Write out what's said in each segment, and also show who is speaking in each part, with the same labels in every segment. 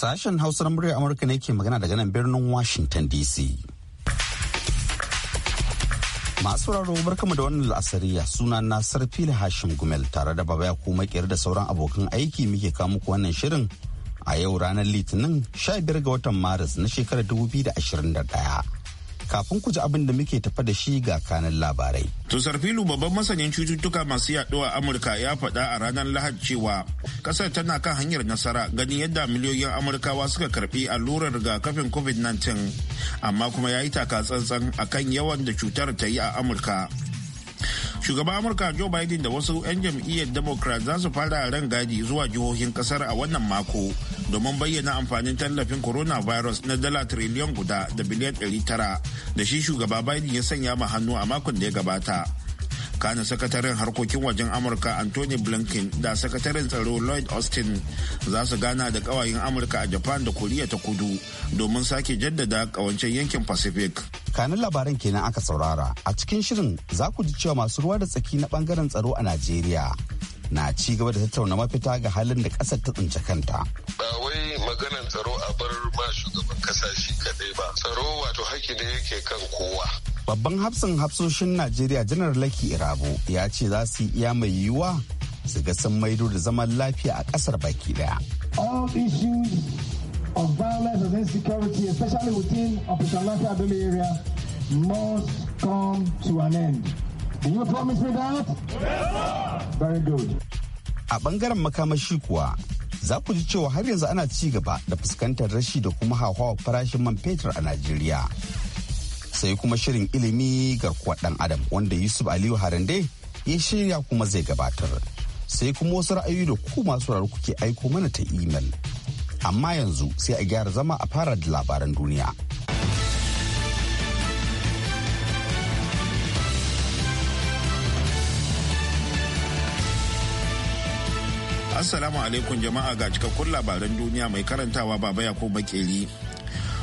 Speaker 1: Sashen Hausa na muryar Amurka ne ke magana daga nan birnin Washington DC. Masu raro barkamu da wannan la'asariya suna na Sarfili Hashim Gumel tare da Baba kuma Makiyar da sauran abokan aiki muke kawo muku wannan shirin a yau ranar Litinin 15 ga watan Maris na shekarar 2021. kafin ku ji abin da muke tafa da shi ga kanan labarai.
Speaker 2: To Sarfilu babban masanin cututtuka masu yaduwa a Amurka ya faɗa a ranar Lahad cewa ƙasar tana kan hanyar nasara ganin yadda miliyoyin Amurkawa suka karɓi allurar rigakafin COVID-19 amma kuma ya yi taka tsantsan akan yawan da cutar ta yi a Amurka. Shugaban Amurka Joe Biden da wasu 'yan jam'iyyar Democrat za su fara ran gadi zuwa jihohin kasar a wannan mako domin bayyana amfanin tallafin corona virus na dala triliyon guda da biliyan 900 da shi shugaba Biden ya sanya ma hannu a makon da ya gabata. kanin sakataren harkokin wajen amurka anthony blinken da sakataren tsaro lloyd austin za su gana da kawayen amurka a japan da koriya ta kudu domin sake jaddada kawancen yankin pacific kanin labaran kenan aka saurara a cikin shirin za
Speaker 1: ku ji cewa masu ruwa da tsaki na bangaren tsaro a najeriya na ci gaba da tattauna mafita ga halin da ƙasar ta tsinci kanta.
Speaker 3: Ba wai maganar tsaro a bar ma shugaban ƙasashe kadai kaɗai ba. Tsaro wato haƙƙi ne yake kan kowa.
Speaker 1: Babban hafsin hafsoshin Najeriya Janar Laki Irabo ya ce za su iya mai yiwuwa su ga sun maido da zaman lafiya a
Speaker 4: ƙasar baki ɗaya. All issues of violence and insecurity, especially within Operation Lafayette area, must come to an end.
Speaker 1: You promise me that? Yes, Very good. A bangaren makamashi kuwa, za ku ji cewa har yanzu ana ci gaba da fuskantar rashi da kuma hauhawar farashin man fetur a Najeriya. Sai kuma shirin ilimi garkuwar ɗan Adam wanda Yusuf Aliyu Harande ya shirya kuma zai gabatar. Sai kuma wasu ra'ayoyi da ku masu raro kuke aiko mana ta imel. Amma yanzu sai a gyara zama a fara da labaran duniya.
Speaker 2: Assalamu alaikum jama'a ga cikakkun labaran duniya mai karantawa baba ya ko bakeli.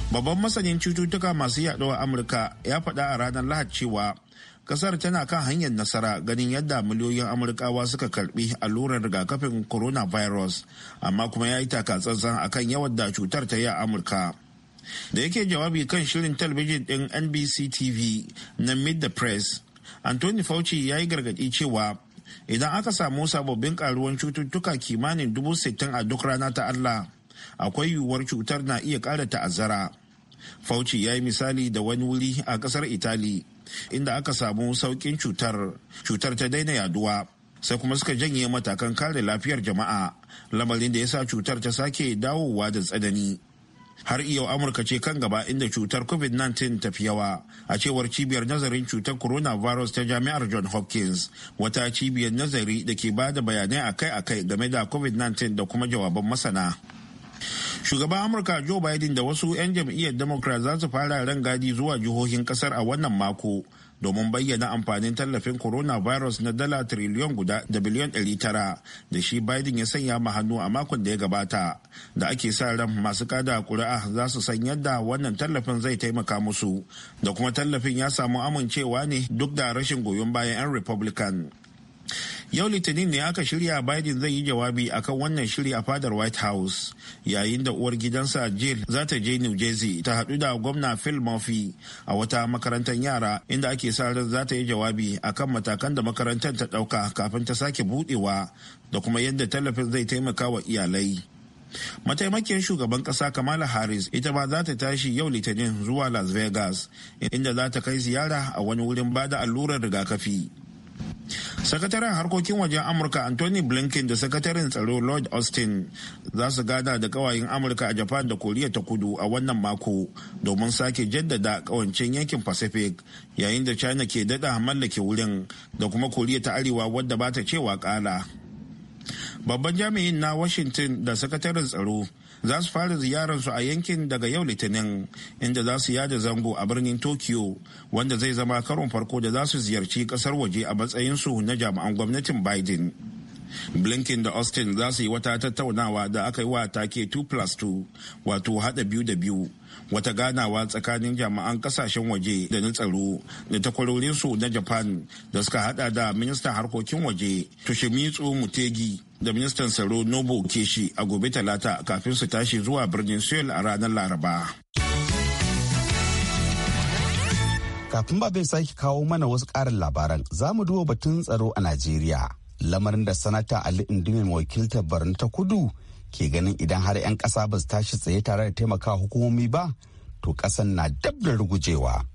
Speaker 2: Babban masanin cututtuka masu yaduwa Amurka ya faɗa a ranar Lahad cewa kasar tana kan hanyar nasara ganin yadda miliyoyin Amurkawa suka karbi allurar rigakafin coronavirus amma kuma ya yi takatsantsan a kan yawan da cutar ta yi a Amurka. Da yake jawabi kan shirin talabijin ɗin NBC TV na Mid the Press, Anthony Fauci ya yi gargaɗi cewa idan aka samu sababbin karuwan cututtuka kimanin dubu sittin a duk rana ta Allah akwai yiwuwar cutar na iya ƙara ta'azzara. Fauci ya yi misali da wani wuri a ƙasar Itali inda aka samu sauƙin cutar, cutar ta daina yaduwa. Sai kuma suka janye matakan kare lafiyar jama'a, lamarin da ya sa cutar ta sake dawowa da tsanani. har iyau amurka ce kan gaba inda cutar covid-19 ta fi yawa a cewar cibiyar nazarin cutar coronavirus ta jami'ar john hopkins wata cibiyar nazari da ke ba da bayanai akai-akai game da covid-19 da kuma jawaban masana shugaban amurka joe biden da wasu 'yan jam'iyyar democrat za su fara rangadi zuwa jihohin kasar a wannan mako domin bayyana amfanin tallafin coronavirus na dala triliyon guda da biliyon 900 da shi Biden ya sanya ma hannu a makon da ya gabata da ake sa ran masu kada kuri'a za su san yadda wannan tallafin zai taimaka musu da kuma tallafin ya samu amincewa ne duk da rashin goyon bayan 'yan Republican. yau litinin ne aka shirya biden zai yi jawabi akan wannan shiri a fadar white house yayin da uwar gidansa jill za ta je new jersey ta hadu da gwamna phil murphy a wata makarantar yara inda ake sa ran za ta yi jawabi akan matakan da makarantar ta dauka kafin ta sake budewa da kuma yadda tallafin zai taimaka wa iyalai Mataimakin shugaban kasa kamala harris ita ma za ta tashi yau litinin zuwa las vegas inda za ta kai ziyara a wani wurin bada allurar rigakafi sakataren harkokin wajen amurka anthony blinken da sakataren tsaro lord austin za su gada da kawayen amurka a japan da koriya ta kudu a wannan mako domin sake jaddada kawancin yankin pacific yayin da china ke dada mallake wurin da kuma koriya ta arewa wadda ba ta cewa kala babban jami'in na washington da sakataren tsaro za su fara ziyararsu a yankin daga yau litinin inda za su yada zango a birnin tokyo wanda zai zama karon farko da za su ziyarci kasar waje a matsayinsu na jami'an gwamnatin biden blinken da austin za su yi wata tattaunawa da aka yi wa take 2 plus 2 wato hada biyu da biyu wata ganawa tsakanin jami'an kasashen waje da na tsaro da takwarorinsu na japan da suka hada da ministan harkokin waje toshimitsu mutegi da ministan tsaro nobo keshi a gobe talata kafin su tashi zuwa birnin seoul a ranar laraba kafin ba bai sake kawo mana wasu ƙarin labaran
Speaker 1: za mu duba batun tsaro a najeriya lamarin da sanata ali indimin wakiltar barin ta kudu ke ganin idan har 'yan ƙasa ba su tashi tsaye tare da taimaka hukumomi ba to ƙasan na dab da rugujewa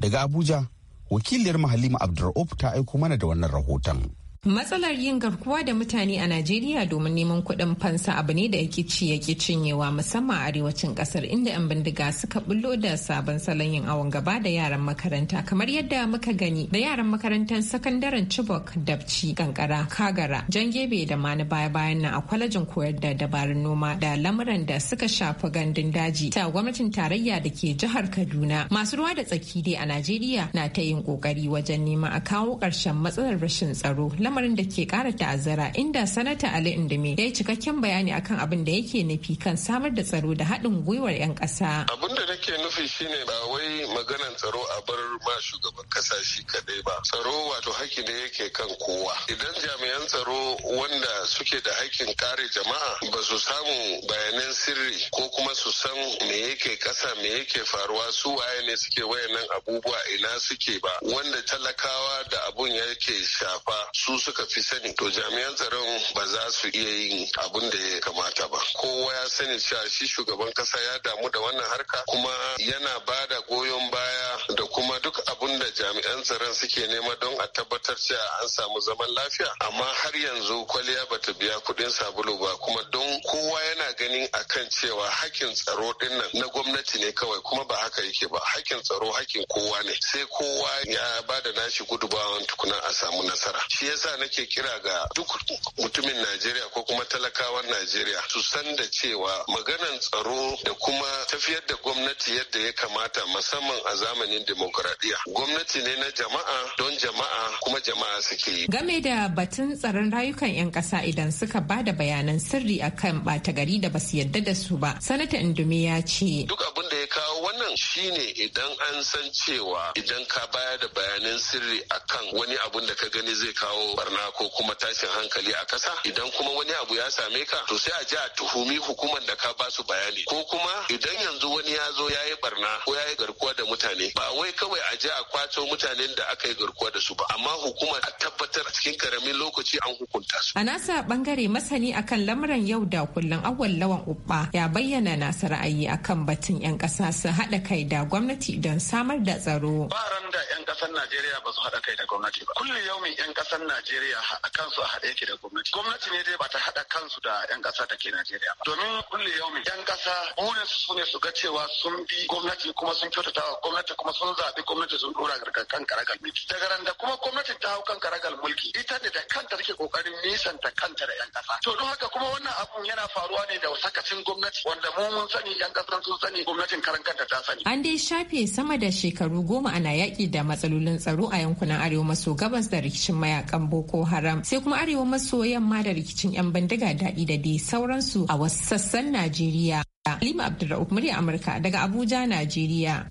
Speaker 1: daga abuja wakiliyar mahalima abdur'uf ta aiko mana da wannan rahoton
Speaker 5: Matsalar yin garkuwa da mutane a Najeriya domin neman kuɗin fansa abu ne da yake ci yake cinyewa musamman a arewacin ƙasar inda 'yan bindiga suka bullo da sabon salon yin awon gaba da yaran makaranta kamar yadda muka gani da yaran makarantar sakandaren Chibok, Dabci, Kankara, Kagara, Jangebe da Mani baya bayan nan a kwalejin koyar da dabarun noma da lamuran da suka shafi gandun daji ta gwamnatin tarayya da ke jihar Kaduna. Masu ruwa da tsaki dai a Najeriya na ta yin kokari wajen neman a kawo ƙarshen matsalar rashin tsaro lamarin da ke kara ta'azzara inda sanata Ali Indimi ya yi cikakken bayani akan abin da yake nufi kan samar da tsaro da haɗin gwiwar 'yan ƙasa.
Speaker 3: Abin da nake nufi shine ba wai maganan tsaro a bar ma shugaban ƙasa shi kaɗai ba. Tsaro wato haƙƙi ne yake kan kowa. Idan jami'an tsaro wanda suke da haƙƙin kare jama'a ba su samu bayanan sirri ko kuma su san me yake ƙasa me yake faruwa su waye ne suke wayannan abubuwa ina suke ba wanda talakawa da abun yake shafa su suka fi sani to jami'an tsaron ba za su iya yin abin da ya kamata ba kowa ya sani cewa shi shugaban kasa ya damu da wannan harka kuma yana ba da goyon baya da kuma duk abun da jami'an tsaron suke nema don a tabbatar cewa an samu zaman lafiya amma har yanzu kwaliya bata biya kudin sabulu ba kuma don kowa yana ganin akan cewa hakkin tsaro dinnan na gwamnati ne kawai kuma ba haka yake ba hakkin tsaro hakkin kowa ne sai kowa ya ba da nashi gudubawan tukuna a samu nasara shi yasa nake kira ga duk mutumin najeriya ko kuma talakawan najeriya su san da cewa maganan tsaro da kuma tafiyar da gwamnati yadda ya kamata musamman a zamanin demokrasi demokuraɗiyya gwamnati ne na jama'a don jama'a kuma jama'a suke yi. game
Speaker 5: da batun tsaron rayukan 'yan ƙasa idan suka ba da bayanan sirri a kan ɓata gari da basu yarda da su ba sanata indumi ya ce duk abin
Speaker 3: da ya kawo wannan shine idan an san cewa idan ka bayar da bayanan sirri akan wani abun da ka gani zai kawo barna ko kuma tashin hankali a ƙasa idan kuma wani abu ya same ka to sai a ji a tuhumi hukumar da ka ba su bayani ko kuma idan yanzu wani ya zo ya yi barna ko ya yi garkuwa da mutane ba wai kawai a je a kwato mutanen da aka yi garkuwa da su ba amma hukuma a tabbatar a cikin karamin lokaci an hukunta
Speaker 5: su a nasa bangare masani akan lamuran yau da kullum awal lawan uba ya bayyana nasa ra'ayi akan batun yan kasa su haɗa kai da gwamnati don samar da tsaro ba ran da yan kasar Najeriya ba su haɗa kai da gwamnati ba yau yaumin yan kasar
Speaker 3: Najeriya a kansu a haɗe yake da gwamnati gwamnati ne dai ba ta haɗa kansu da yan kasa da ke Najeriya ba domin yau yaumin yan kasa burin su ne su ga cewa sun bi gwamnati kuma sun kyautata gwamnati kuma sun abin gwamnati sun dora kan karagal mulki daga ran da kuma gwamnatin ta hau kan karagal mulki ita ne da kanta take kokarin nisanta kanta da yan kasa to don haka kuma wannan abun yana faruwa ne da sakacin gwamnati wanda mu mun sani yan kasa sun sani gwamnatin karan kanta ta
Speaker 5: sani an dai shafe sama da shekaru goma ana yaƙi da matsalolin tsaro a yankunan arewa maso gabas da rikicin mayakan boko haram sai kuma arewa maso yamma da rikicin yan bandiga daɗi da dai sauransu a wasu sassan najeriya Halima Abdulrahman murya Amurka daga Abuja, Najeriya.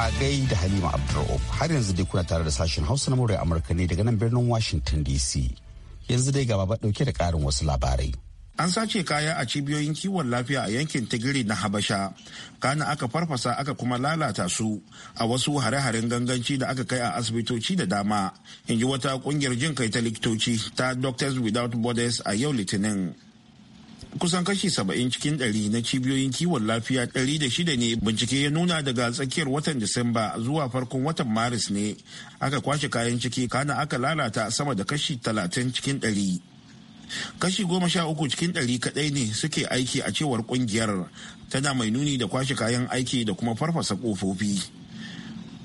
Speaker 1: a da halima abdur'uf har yanzu dai kuna tare da sashen hausa na murai amurka ne daga nan birnin washington dc yanzu dai gaba dauke da karin wasu labarai
Speaker 2: an sace kaya a cibiyoyin kiwon lafiya a yankin tigiri na habasha kana aka farfasa aka kuma lalata su a wasu hare-haren ganganci da aka kai a asibitoci da dama in ji wata kungiyar jin kai ta likitoci ta doctors without borders a yau litinin kusan kashi saba'in cikin ɗari na cibiyoyin kiwon lafiya ɗari da shida ne bincike ya nuna daga tsakiyar watan disamba zuwa farkon watan maris ne aka kwashe kayan ciki kana aka lalata sama da kashi talatin cikin ɗari kashi goma sha uku cikin ɗari kaɗai ne suke aiki a cewar ƙungiyar tana mai nuni da kwashe kayan aiki da kuma farfasa ƙofofi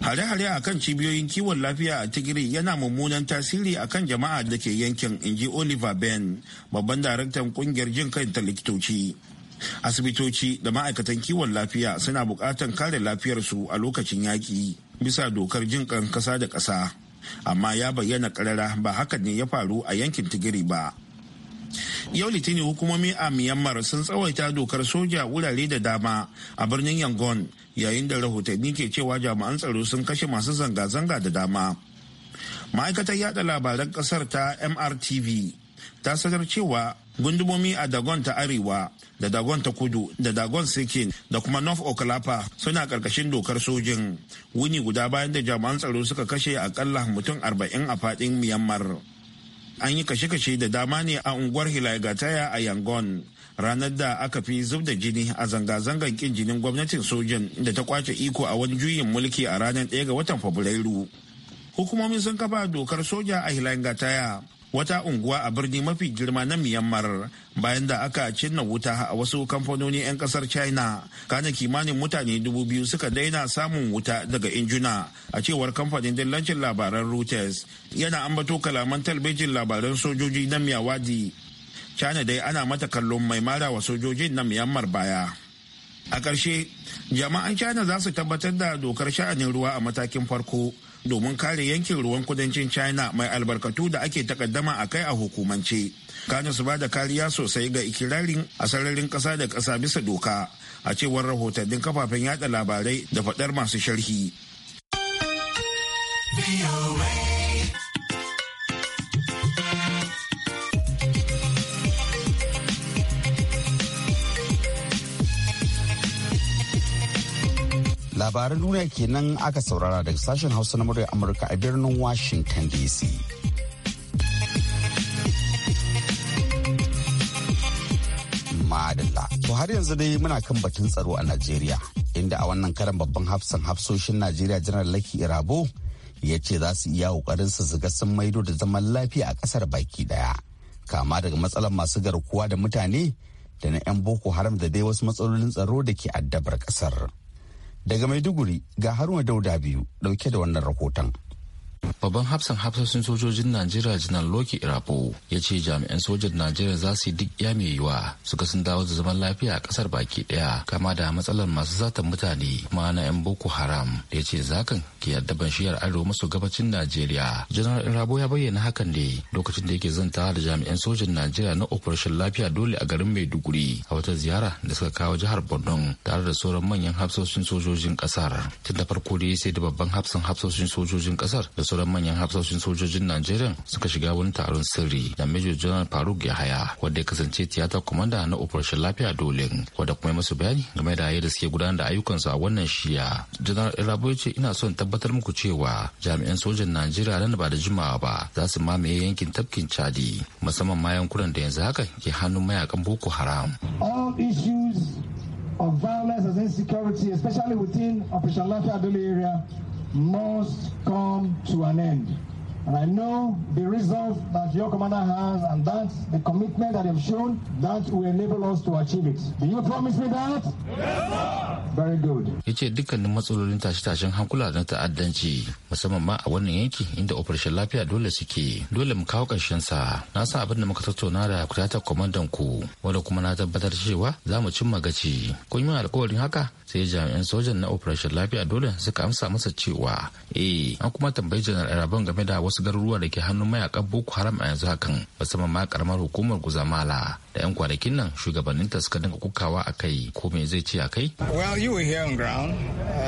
Speaker 2: hare-hare a kan cibiyoyin kiwon lafiya a tigiri yana mummunan tasiri a kan jama'a da ke yankin inji oliver ben babban daraktan kungiyar jin kai ta likitoci asibitoci da ma'aikatan kiwon lafiya suna buƙatar kare lafiyarsu a lokacin yaƙi bisa dokar jin kan ƙasa da ƙasa amma ya bayyana ƙarara ba hakan ne ya faru a yankin tigiri ba yau litinin hukumomi a myanmar sun tsawaita dokar soja wurare da dama a birnin yangon yayin da rahotanni ke cewa jami'an tsaro sun kashe masu zanga-zanga da dama ma'aikatar yada labaran kasar ta mrtv ta sanar cewa gundumomi a dagon ta arewa da dagon ta kudu da dagon sikin da kuma north okalapa suna karkashin dokar sojin wuni guda bayan da jami'an tsaro suka kashe akalla mutum arba'in a fadin myanmar an yi kashe-kashe da dama ne a unguwar hilagataya a yangon ranar da aka fi zub da jini a zanga zangan kin jinin gwamnatin sojan da ta kwace iko a wani juyin mulki a ranar 1 ga watan fabrairu hukumomin sun kafa dokar soja a taya wata unguwa a birni mafi girma na myanmar bayan da aka cinna wuta a wasu kamfanoni 'yan kasar china kana kimanin mutane dubu biyu suka daina samun wuta daga injuna a cewar kamfanin dillancin labaran reuters yana ambato kalaman talbijin labaran sojoji na miyawadi china dai ana mata kallon mai mara wa sojojin na myanmar baya a ƙarshe jama'an china za su tabbatar da dokar sha'anin ruwa a matakin farko domin kare yankin ruwan kudancin china mai albarkatu da ake takaddama a kai a hukumance kano su ba da kariya sosai ga ikirarin a sararin ƙasa da ƙasa bisa doka a cewar rahotannin kafafen yada labarai da faɗar masu sharhi
Speaker 1: labaran duniya kenan aka saurara daga sashen hausa na murya amurka a birnin washington dc madalla to har yanzu dai muna kan batun tsaro a najeriya inda a wannan karan babban hafsan hafsoshin najeriya janar laki irabo ya ce za su iya kokarin su zuga sun maido da zaman lafiya a kasar baki daya kama daga matsalar masu garkuwa da mutane da na 'yan boko haram da dai wasu matsalolin tsaro da ke addabar kasar. Daga Maiduguri ga Haruna Dauda biyu dauke da wannan rahoton. Babban hafsan
Speaker 6: hafsassun sojojin Najeriya Janar Loki Irabo ya ce jami'an sojan Najeriya za su yi duk ya mai yiwa su sun dawo da zaman lafiya a kasar baki daya kama da matsalar masu zatan mutane kuma na 'yan Boko Haram da ya ce zakan ke ban shiyar arewa maso gabacin Najeriya. Janar Irabo ya bayyana hakan ne lokacin da yake zantawa da jami'an sojan Najeriya na operation lafiya dole a garin Maiduguri a wata ziyara da suka kawo jihar Borno tare da sauran manyan hafsassun sojojin kasar. Tun da farko ya sai da babban hafsan hafsassun sojojin kasar da sauran manyan hafsoshin sojojin Najeriya suka shiga wani taron sirri da Major General Faruk Yahaya wanda ya kasance tiyatar komanda na operation lafiya dolin wanda kuma masu bayani game da yadda suke gudanar da ayyukansu a wannan shiya. General Irabo ce ina son tabbatar muku cewa jami'an sojan Najeriya nan ba da jimawa ba za su mamaye yankin tafkin Chadi musamman ma yankunan da yanzu haka ke hannun mayakan Boko Haram.
Speaker 4: All issues of violence and insecurity, especially
Speaker 7: within Operation Lafiya Dole area, must come to an end. And I know the resolve that your commander has and that the commitment that you've shown that will enable us to achieve it. Do you promise me that? Yes, sir. Very good. Ya
Speaker 6: ce dukkanin matsalolin tashe-tashen hankula na ta'addanci musamman ma a wannan yanki inda operation lafiya dole suke dole mu kawo ƙarshen sa. Na san abin da muka tattauna da kudatar kwamandan ku wanda kuma na tabbatar cewa za mu cimma gaci. Kun yi alkawarin haka? sai jami'an sojan na operation lafiya dole suka amsa masa cewa eh an kuma tambayi janar Araban game da wasu garuruwa da ke hannun mayakan boko haram a yanzu hakan musamman ma karamar hukumar guzamala da yan kwanakin nan shugabanninta suka dinga kukawa a kai ko me zai ce a kai
Speaker 7: well you were here on ground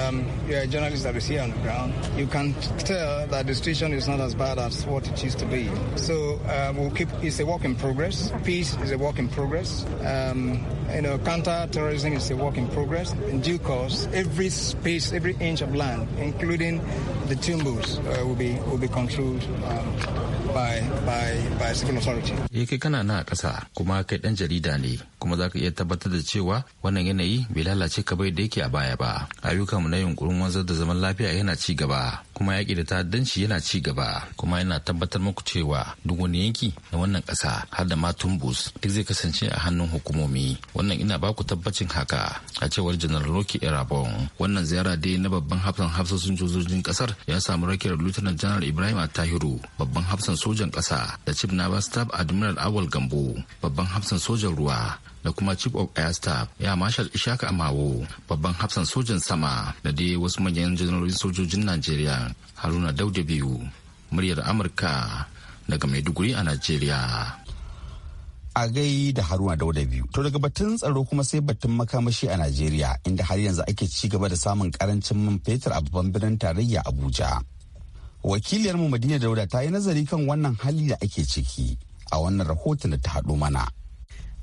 Speaker 8: um, that here on ground you can tell that the situation is not as bad as what it used to be so uh, we'll keep it's a work in progress peace is a work in progress um, you know counter terrorism is a work in progress and due because every space, every inch of land, including the timbers, uh, will be will be controlled um,
Speaker 6: Ya eh, kai kana na ƙasa kuma kai ɗan jarida ne kuma za ka iya tabbatar da cewa wannan yanayi bai lalace ka bai da yake a baya ba. Ayyukanmu na yunkurin wanzar da zaman lafiya yana ci gaba kuma yaƙi da ta'addanci yana ci gaba kuma yana tabbatar muku cewa duk wani yanki na wannan ƙasa har da ma tumbus duk zai kasance a hannun hukumomi wannan ina baku tabbacin haka a cewar janar roki irabon wannan ziyara dai na babban hafsan hafsoshin sojojin kasar ya samu rakiyar lieutenant janar ibrahim attahiru babban hafsan sojan kasa da chief naval staff admiral awal gambo babban hafsan sojan ruwa da kuma chief of air staff ya marshal ishaka amawo babban hafsan sojan sama da dai wasu manyan janarorin sojojin najeriya haruna dauda biyu muryar amurka daga maiduguri a najeriya
Speaker 1: a gai da haruna dauda biyu to daga batun tsaro kuma sai batun makamashi a najeriya inda har yanzu ake ci gaba da samun karancin man fetur a babban birnin tarayya abuja wakiliyar mu madina dauda ta
Speaker 4: yi nazari kan wannan hali da ake ciki a wannan rahoton da ta haɗo mana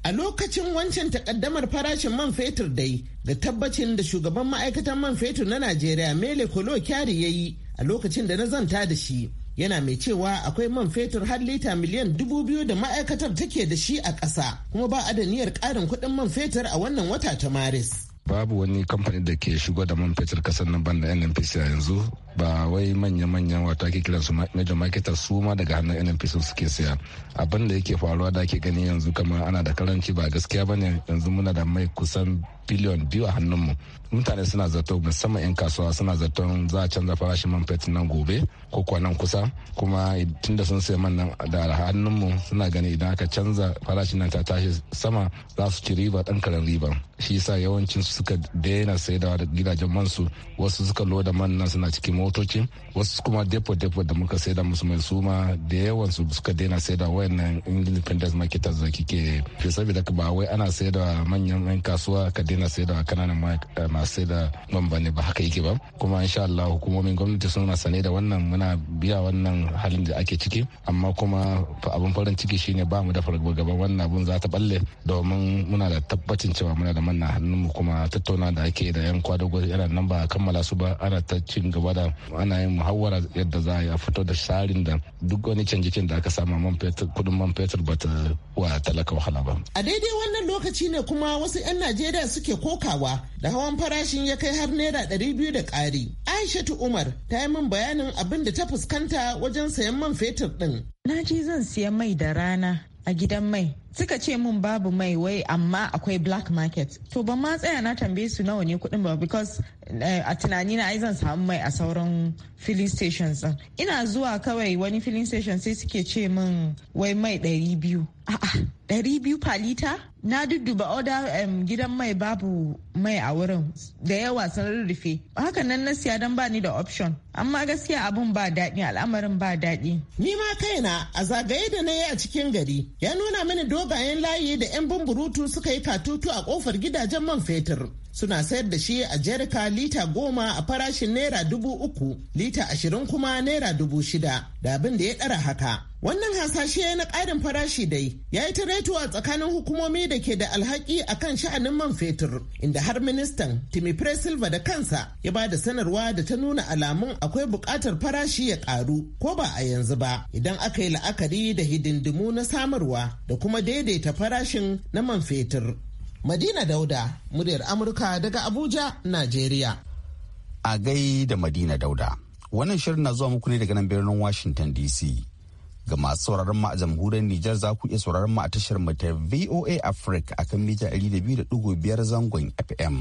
Speaker 4: a lokacin wancan takaddamar farashin man fetur dai da tabbacin da shugaban ma'aikatan man fetur na najeriya mele kolo kyari ya yi a lokacin da na zanta da shi yana mai cewa akwai man fetur har lita miliyan dubu biyu da ma'aikatar take da shi a ƙasa kuma ba a da niyyar ƙarin kuɗin man fetur a wannan wata ta maris
Speaker 9: babu wani kamfani da ke shigo da man fetur kasar nan banda nnpc a yanzu ba wai manya-manyan wato ake kiransu major market su ma daga hannun nnpc suke siya abin da yake faruwa da ake gani yanzu kamar ana da karanci ba gaskiya ba ne yanzu muna da mai kusan biliyon biyu a hannunmu mutane suna zato musamman 'yan kasuwa suna zaton za a canza farashin man fetur nan gobe ko kwanan kusa kuma tunda sun sayi man nan da hannunmu suna gani idan aka canza farashin nan ta tashi sama za su ci riba dan karen riba shi yasa yawancin su suka daina sayarwa da gidajen man su wasu suka loda man nan suna cikin motocin wasu kuma depo depo da muka saida musu mai suma da yawan su suka daina saida wayannan independent market da kike fi saboda ba wai ana saida manyan yan kasuwa ka daina saida kananan ma eh, saida bambane ba haka yake ba kuma insha Allah hukumomin gwamnati suna sane da wannan muna biya wannan halin da ake ciki amma kuma abin farin ciki shine ba mu da gaban wannan abun za ta balle domin muna da tabbacin cewa muna da manna mu kuma tattauna da ake da yan kwadago yana nan ba kammala su ba ana ta cin gaba da ana yin muhawara yadda za a fito da tsarin da duk wani canje da aka samu man fetur kudin man fetur ba ta wa talaka wahala ba
Speaker 4: a daidai wannan lokaci ne kuma wasu 'yan najeriya suke kokawa da hawan farashin ya kai har naira ɗari biyu da ƙari aishatu umar ta yi min bayanin abin da ta fuskanta wajen sayan man fetur ɗin na ji zan siya mai da rana a gidan mai suka ce mun babu mai wai amma akwai black market to ban ma tsaya na tambaye su nawa ne kudin ba because eh, a tunani na ai zan samu mai a sauran filling stations din ina zuwa kawai wani filling station sai suke ce min wai mai ɗari biyu a'a ɗari biyu palita na dudduba oda gidan mai babu mai a wurin da yawa sun rufe hakan nan na siya don bani da option amma gaskiya abun ba daɗi al'amarin ba daɗi ni ma kaina a zagaye da na yi a cikin gari ya nuna mini do dogayen layi da 'yan bumburutu suka yi katutu a kofar gidajen man fetur. suna sayar da shi a jerika lita goma a farashin naira dubu uku lita ashirin kuma naira dubu shida da abin da ya ɗara haka wannan hasashe na ƙarin farashi dai ya yi tareto a tsakanin hukumomi da ke da alhaki a kan sha'anin man fetur inda har ministan timi silva da kansa ya ba da sanarwa da ta nuna alamun akwai buƙatar farashi ya ƙaru ko ba a yanzu ba idan aka yi la'akari da hidindimu na samarwa da kuma daidaita farashin na man fetur Madina Dauda, muryar Amurka daga Abuja, Najeriya.
Speaker 1: A gai da Madina Dauda, wannan shirin na zuwa muku ne daga nan birnin Washington DC. Ga masu sauraron ma a jamhuriyar Nijar za ku iya sauraron mu a tashar mu ta VOA Africa a akan mita biyar zangon FM.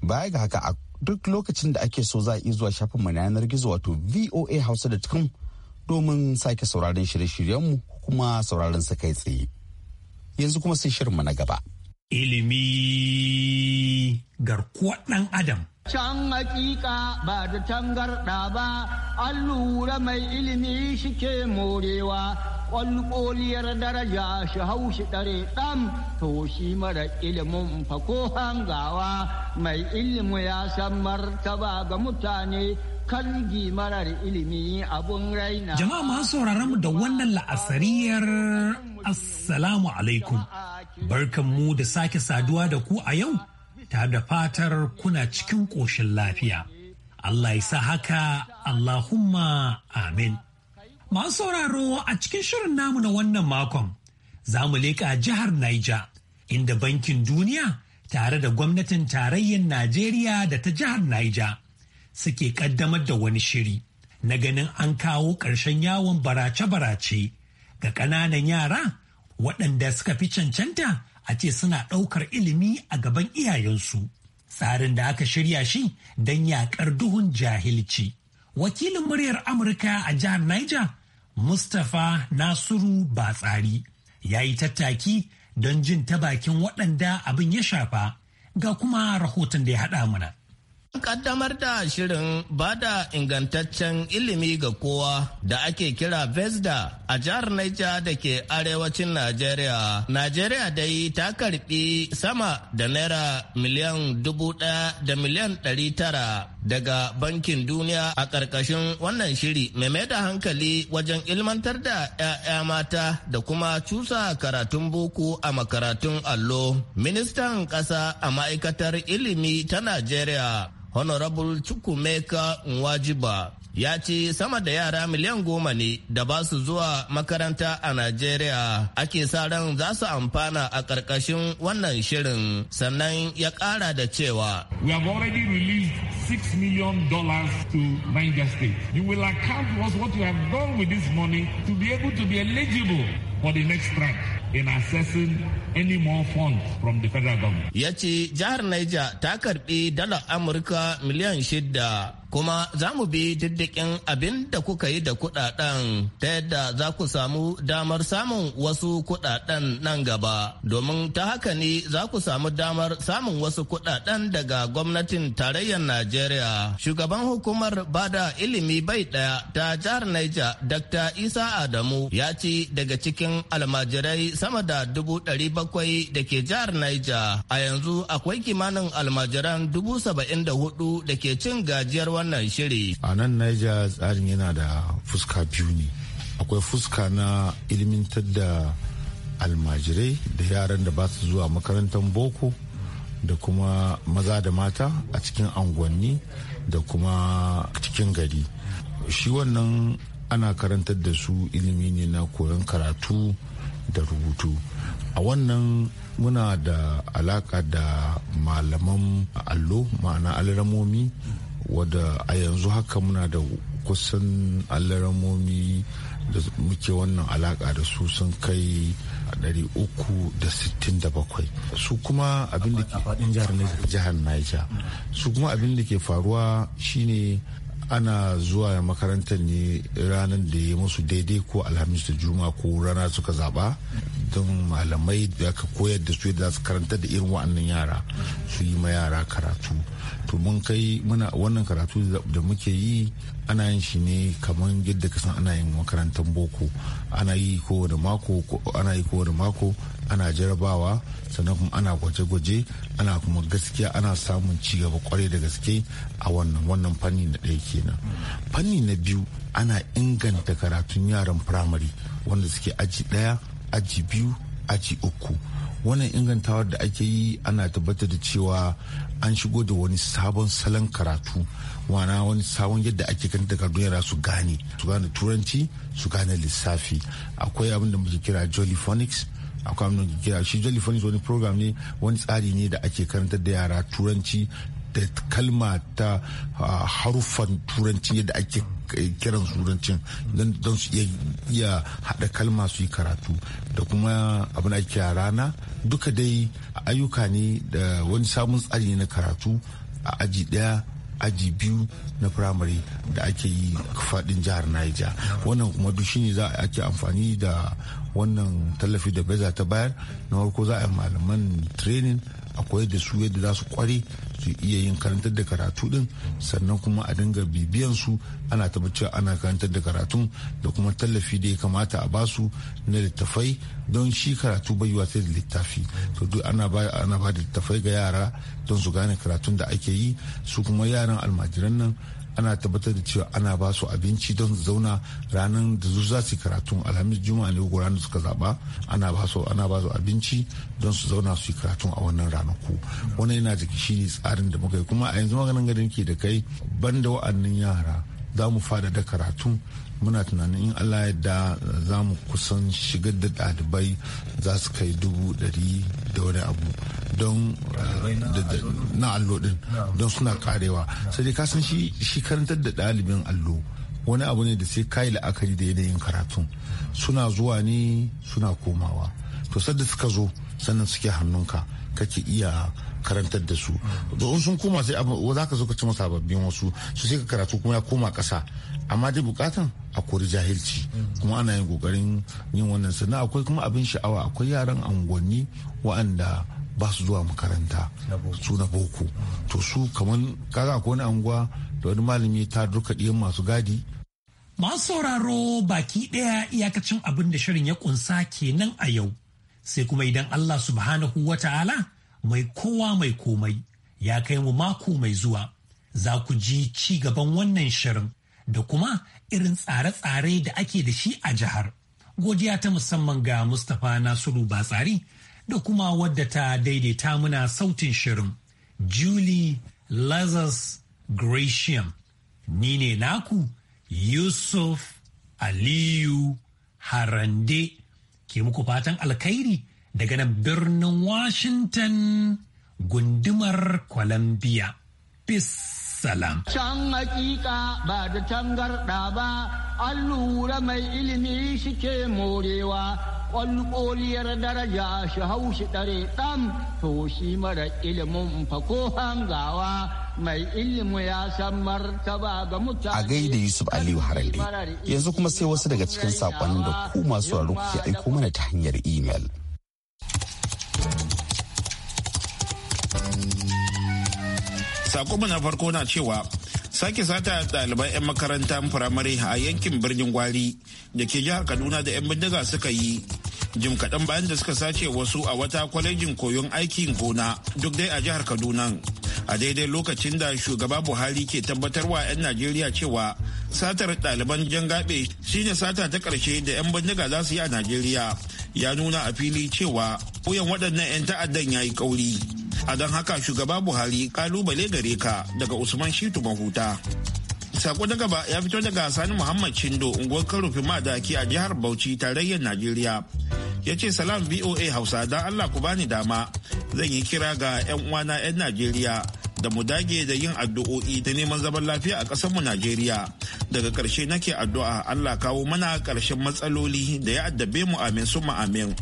Speaker 1: Baya ga haka a duk lokacin da ake so za a iya zuwa shafin mu na yanar gizo wato VOA Hausa da voahausa.com domin sake sauraron shirye-shiryenmu kuma sauraron su kai tsaye. Yanzu kuma sai shirin mu
Speaker 10: na gaba. ilimi garkuwar ɗan adam. Can
Speaker 8: hakika ba da tangarɗa ba, an lura mai ilimi shi ke morewa, ƙwalƙoliyar daraja shi haushi shi ɗare ɗan, to shi mara ilimin fako hangawa, mai ilimi ya san martaba ga mutane kalgi marar ilimi abun raina. Jama'a masu
Speaker 10: sauraron mu da wannan la'asariyar Assalamu alaikum. Barkan mu da sake saduwa da ku a yau, ta da fatar kuna cikin ƙoshin lafiya. Allah ya sa haka, Allahumma amin. Masu sauraro a cikin shirin namu na wannan makon, za mu leƙa jihar Niger, inda Bankin Duniya tare da gwamnatin tarayyar Najeriya da ta jihar Niger suke kaddamar da wani shiri. na ganin an kawo ƙarshen yawon barace-barace ga ƙananan yara waɗanda suka fi cancanta a ce suna ɗaukar ilimi a gaban iyayensu. Tsarin da aka shirya shi don yaƙar duhun jahilci. Wakilin muryar Amurka a jihar Niger, Mustapha Nasiru Batsari, ya yi tattaki don jin ta bakin waɗanda abin ya shafa ga kuma rahoton da ya haɗa mana.
Speaker 8: Kaddamar da shirin bada ingantaccen ilimi ga kowa da ake kira Vesda a jihar Naija da ke arewacin Najeriya. Najeriya dai ta karbi sama da naira miliyan dubu ɗaya da miliyan ɗari tara daga bankin duniya a ƙarƙashin wannan shiri mai mai da hankali wajen ilmantar da 'ya'ya mata da kuma cusa karatun boko a makaratun allo ministan ƙasa a ma'aikatar ilimi ta najeriya honorable chukwumeka nwajiba ya ce sama da yara miliyan goma ne da ba su zuwa makaranta a Najeriya ake sa ran za su amfana a ƙarƙashin wannan shirin sannan ya ƙara da cewa.
Speaker 2: We have already released
Speaker 7: six million dollars to Niger State. You will account us what you have done with this money to be able to be eligible for the next tranche. in assessing any more funds from the federal government.
Speaker 8: Ya ce jihar Niger ta karbi Dala Amurka miliyan shida kuma za mu bi diddikin abin da kuka yi da kudaden ta yadda za ku samu damar samun wasu kudaden nan gaba domin ta haka ne za ku samu damar samun wasu kudaden daga gwamnatin tarayyar najeriya shugaban hukumar bada ilimi bai daya ta jihar naija dr isa adamu ya ci daga cikin almajirai sama da dubu ɗari bakwai da ke jihar naija a yanzu akwai kimanin almajiran dubu saba'in da hudu da
Speaker 7: ke cin gajiyar wannan shiri a nan Niger tsarin yana da fuska biyu ne akwai fuska na ilmintar da almajirai da yaran da ba su zuwa makarantar boko da kuma maza da mata a cikin angwanni da kuma cikin gari shi wannan ana karantar da su ilimi ne na koyon karatu da rubutu a wannan muna da alaka da malaman allo ma'ana alramomi wadda a yanzu haka muna da kusan alaramomi da muke wannan alaka da su sun kai 367 su kuma abin da ke jihar su kuma abin da ke faruwa shine ana zuwa makarantar ne ranar da ya musu daidai ko alhamis da juma ko rana suka zaba don malamai da ka koyar da su yadda su karanta da irin wa'annan yara su yi ma yara karatu to mun kai muna wannan karatu da muke yi ana yin shi ne kamar yadda ka san ana yin makarantar boko ana yi ko mako ana jarabawa sannan kuma ana gwaje-gwaje ana kuma gaskiya ana samun ci gaba kwarai da gaske a wannan wannan fanni na ɗaya kenan fanni na biyu ana inganta karatun yaran firamare wanda suke aji ɗaya aji biyu aji uku wannan ingantawar da ake yi ana tabbatar da cewa an shigo da wani sabon salon karatu wana wani sabon yadda ake kan takardun yara su gane su gane turanci su gane lissafi akwai abin da muke kira jolly phonics akwai amnon gida shi jalli phonics wani program ne wani tsari ne da ake karantar da yara turanci da kalma ta haruffan turanci yadda ake eh, kiran turancin don su iya haɗa kalma su yi karatu da kuma abin ake rana duka dai ayyuka ne da wani samun tsari ne na karatu a aji daya. aji biyu na firamare da ake yi a jihar naija wannan kuma duk shine za a ake amfani da wannan tallafi da beza ta bayar na farko za a yi malaman training akwai koyar da su yadda za su kware su iya yin karantar da karatu din sannan kuma a dinga bibiyan su ana tabbatar ana karantar da karatu da kuma tallafi da ya kamata a basu na littafai don shi karatu bai yiwa sai da littafi to duk ana ba ana ba da littafai ga yara don su gane karatun da ake yi su kuma yaran almajiran nan ana tabbatar da cewa ana ba su abinci don su zauna ranar da zuwa za su karatu alhamis juma'a ne ranar suka zaba ana ba su ana ba su abinci don su zauna su yi karatu a wannan ranar ranaku wannan yana da shi tsarin da muka yi kuma a yanzu maganin ganin ke da kai ban da wa'annan yara za mu fada da karatu muna tunanin in allah yadda za mu kusan shigar da ɗalibai za su kai dubu ɗari da wani abu don na allo din don suna karewa sai dai kasan shi karantar da ɗalibin allo wani abu ne da sai kayi la'akari da yanayin karatun suna zuwa ne suna komawa to sadda suka zo sannan suke hannunka kake iya karantar da su mm. in sun koma sai abu za ka zo ka ci sababbin wasu su sai ka karatu kuma ya koma ƙasa. amma dai bukatan a kori jahilci kuma ana yin kokarin yin wannan sannan akwai kuma abin sha'awa akwai yaran unguwanni wa'anda ba su zuwa makaranta su na boko to su kamar kaga ko wani anguwa
Speaker 10: da wani malami ta duka diyan masu gadi masu sauraro baki ɗaya iyakacin abin da shirin ya kunsa kenan a yau sai kuma idan Allah subhanahu wata'ala mai kowa mai komai ya kai mu mako mai zuwa za ku ji ci gaban wannan shirin da kuma irin tsare-tsare da ake da shi a jihar. Godiya ta musamman ga Mustapha Nasiru Batsari da kuma wadda ta daidaita muna sautin shirin Julie Lazarus Gratiam. Ni ne naku Yusuf Aliyu Harande ke muku fatan alkhairi daga nan birnin Washington gundumar Columbia. salam.
Speaker 8: Can hakika ba da tangarda ba, an lura mai ilimi shi ke morewa, ƙwalƙoliyar daraja shi hau shi ɗare ɗan, to shi mara ilimin fako hangawa. mai ilimi ya san martaba ga mutane. A gaida
Speaker 1: Yusuf Aliyu Harande. Yanzu kuma sai wasu daga cikin
Speaker 2: saƙonin da ku masu raro aiko mana ta hanyar imel. sako na farko na cewa sake sata ɗaliban 'yan makarantar firamare a yankin birnin gwari da ke jihar kaduna da 'yan bindiga suka yi jim kaɗan bayan da suka sace wasu a wata kwalejin koyon aikin gona duk dai a jihar kaduna a daidai lokacin da shugaba buhari ke tabbatarwa 'yan najeriya cewa satar ɗaliban jan gaɓe shine sata ta ƙarshe da 'yan bindiga za su yi a najeriya ya nuna a fili cewa wuyan waɗannan 'yan ta'addan ya yi ƙauri a don haka shugaba buhari kalubale gare ka daga usman shitu mahuta sako na gaba ya fito daga sani muhammad shindo unguwar karufin madaki a jihar bauchi tarayyar najeriya ya ce salam voa hausa don allah ku bani dama zan yi kira ga 'yan uwana 'yan najeriya da mu dage da yin addu'o'i da neman zaman lafiya a ƙasarmu najeriya daga ƙarshe nake addu'a allah kawo mana ƙarshen matsaloli da ya addabe mu amin suma amin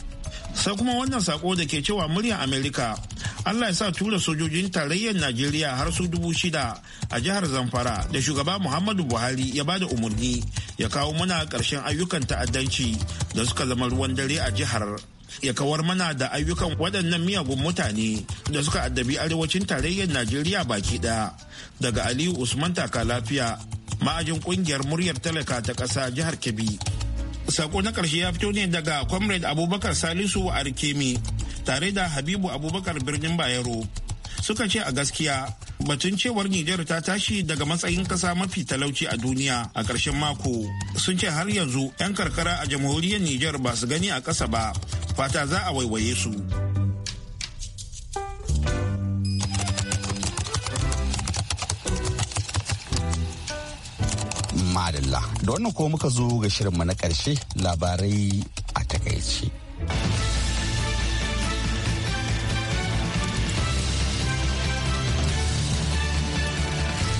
Speaker 2: sai kuma wannan sako da ke cewa muryar amerika allah ya sa tura sojojin tarayyar najeriya har su dubu shida a jihar zamfara da shugaba muhammadu buhari ya bada umarni ya kawo mana ƙarshen ayyukan ta'addanci da suka zama ruwan dare a jihar ya kawar mana da ayyukan waɗannan miyagun mutane da suka addabi arewacin tarayyar najeriya baki ɗaya daga aliyu usman taka lafiya ma'ajin ƙungiyar muryar talaka ta ƙasa jihar kebbi Sako na karshe ya fito ne daga Comrade Abubakar Salisu Arkemi tare da Habibu Abubakar Birnin Bayero. Suka ce a gaskiya batun cewar Nijar ta tashi daga matsayin kasa mafi talauci a duniya a ƙarshen mako sun ce har yanzu 'yan karkara a jamhuriyar Nijar ba su gani a ƙasa ba fata za a waiwaye su.
Speaker 1: Da wannan kuma muka zo ga shirinmu na ƙarshe labarai a takaice.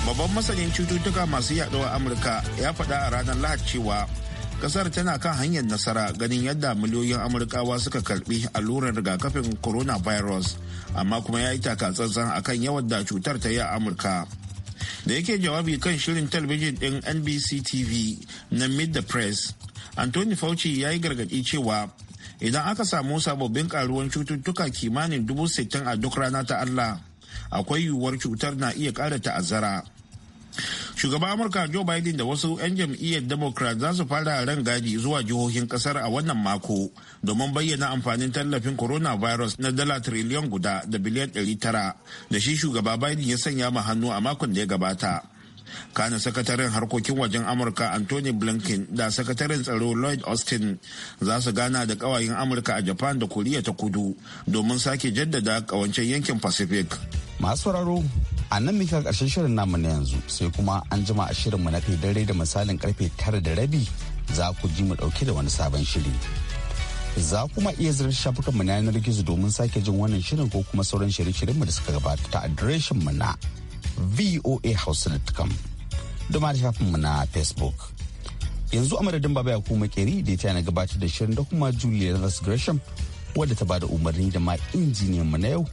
Speaker 2: Babban masanin cututtuka masu yaɗuwa Amurka ya faɗa a ranar Lahad cewa kasar tana kan hanyar nasara ganin yadda miliyoyin amurkawa suka karbi allurar rigakafin coronavirus amma kuma ya yi takatsantsan akan yawan da cutar ta yi a amurka da yake jawabi kan shirin talabijin din nbc tv na mid the press anthony fauci ya yi gargaɗi cewa idan aka samu sababbin karuwan cututtuka kimanin dubu sittin a duk rana ta allah akwai yiwuwar cutar na iya kara ta'azzara shugaban amurka joe biden da wasu 'yan jam'iyyar democrat za su fara ran gadi zuwa jihohin kasar a wannan mako domin bayyana amfanin tallafin coronavirus na dala triliyan guda da biliyan 900 da shi shugaba biden ya sanya ma hannu a makon da ya gabata kano sakataren harkokin wajen amurka anthony blinken da sakataren tsaro lloyd austin za su gana da kawayen amurka a japan da koriya ta kudu domin sake jaddada kawancen yankin pacific masu sauraro a nan muke karshen shirin namu na
Speaker 9: yanzu
Speaker 1: sai kuma an jima a mu na kai dare da misalin karfe tara da rabi za ku ji mu dauke da wani sabon shiri za kuma iya shafukan shafukanmu na yanar gizo domin sake jin wannan shirin ko kuma sauran shirye-shiryenmu da suka gabata ta adireshin mu na voahausa.com da ma shafinmu na facebook yanzu a madadin baba ya kuma keri da ta na gabatar da shirin da kuma julia ross gresham wadda ta bada umarni da ma injiniyan mu na yau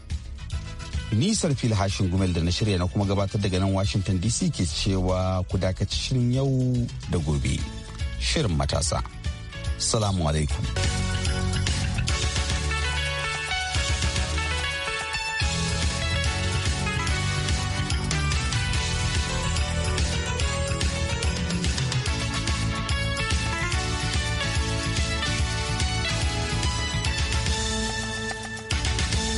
Speaker 1: nisar fil hashin gumel da na shirya na kuma gabatar daga nan washington dc ke cewa ku dakaci shirin yau da gobe shirin matasa salamu alaikum